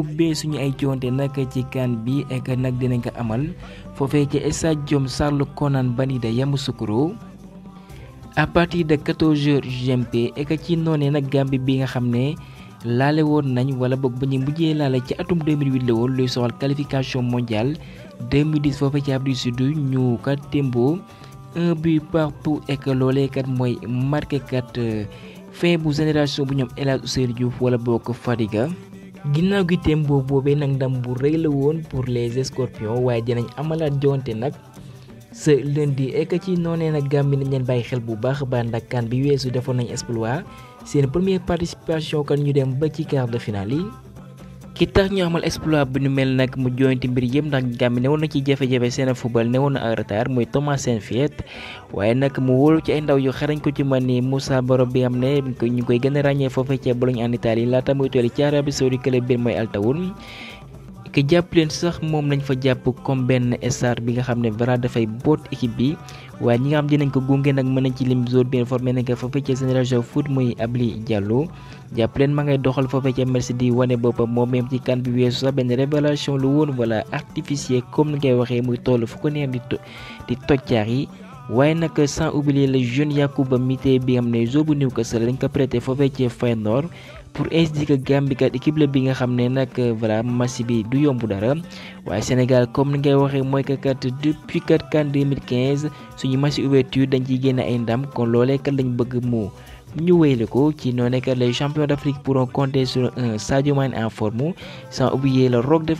ubbee suñu ay jonte nag ci kan bi ek nag dinañ ko amal foofee ca stadium Charles Konan Banida Yamoussoukro à partir de 14h GMT ek ci noonee nag Gambie bi nga xam ne laale woon nañ wala boog ba ñu mujjee laale ci atum 2008 la woon luy soxal qualification mondiale 2010 foofee ci Afrique du Sud ñu kat témboo un but partout ek loolee mooy marqué kat euh, fin bu génération bu ñoom El Hadj Ousseynou wala boog Fadiga. ginnaaw gi téem boobu boobee nag ndam bu rëy la woon pour les scorpions waaye dinañ amalaat jonte nag ce lundi ek ci noonee nag Gambie nañ leen bàyyi xel bu baax ba ndax kan bi weesu defoon nañ exploit seen première participation kan ñu dem ba ci quart de finale yi. ki tax ñu amal exploit bu ñu mel nag mu joyante mbir yëpp ndax Gambie newoon na ci jafe-jafe seen football newoon na en retard muy Thomas Saintfiet waaye nag mu wóolu ci ay ndaw yu xarañ ko ci ma ni Moussa Baro bi am ne ñu koy gën a ràññee foofee ca Bologne en Italie laata muy toll ci Arabie Saoudite club biir mooy Al ki jàpp leen sax moom lañ fa jàpp comme benn star bi nga xam ne vraiment dafay boot équipe bi waaye ñi nga xam dinañ ko gunge nag mën nañ ci lim zone bi informé nañ jàppaleen ma ngay doxal foofee ca Metz di wane boppam moo même ci kan bi weesu sax benn révélation lu woon wala artificier comme ni ngay waxee muy toll fu ko neex di di toccaar yi waaye nag sans oublier le jeune Yacouba Mité bi nga xam ne joueur bu Newcastle dañ ko prêté foofee ca Feyenoord pour ainsi dire Gambie kat équipe la bi nga xam ne nag voilà match bi du yomb dara waaye Sénégal comme ni ngay waxee mooy que kat depuis kat kan 2015 suñu match ouverture dañ ciy génne ay ndam kon loolee kat lañ bëgg mu. ñu wéyale ko ci noonu nekk les champions d'Afrique pourront compter sur un Sadio Mané en forme sans oublier le roc de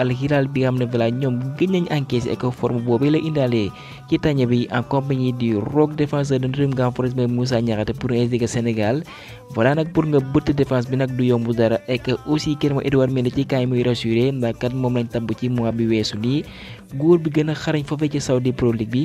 Al bi nga xam ne balaa ñoom gëj nañ encaissé ak forme boobu la indaale ci tàññe bi en compagnie du roc défenseur de Nottingham Forest mais Moussa Niakhaté pour indiquer Sénégal voilà nag pour nga bëtt défense bi nag du yomb dara ek aussi kenn mooy Edouard Mendy ci kaay muy rassuré ndax moom lañ tàmb ci mois bi weesu nii góor bi gën a xarañ foofee ci Saudi Pro League bi.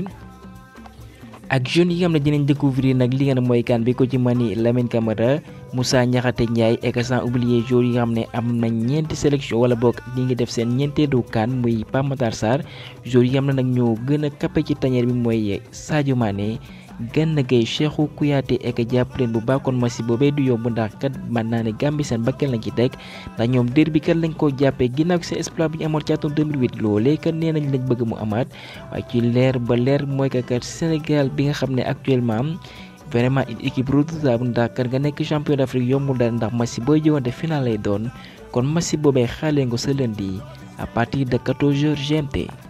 ak jeunes yi nga xam ne dinañ découvrir nag li nga mooy kan bi ko ci mani Lamine Camara Moussa Niakhaté Ndiaye et sans oublier joueurs yi nga xam ne am nañ ñeenti sélection wala boog ñi ngi def seen ñeenteedu kan muy Pape Matar Sarr joueurs yi nga xam na nag ñoo gën a capé ci tañeer bi mooy Sadio Mané Gan gay Cheikhou Kouyaté ek jàpp leen bu baaxoon match boobee du yomb ndax kat mën naa ne Gambie seen bakkel lañ ci teg ndax ñoom dér bi kat lañ koo jàppee ginnaaw ci exploit bi ñu amoon ci atum 2008 loolee kat nee nañ lañ bëgg mu amaat waaye ci leer ba leer mooy que kat Sénégal bi nga xam actuellement vraiment une équipe redoutable ndax kat nga nekk champion d'Afrique yombul dara ndax match booy jëwante final lay doon kon match boobee xaale nga sa lundi à partir de 14h GMT.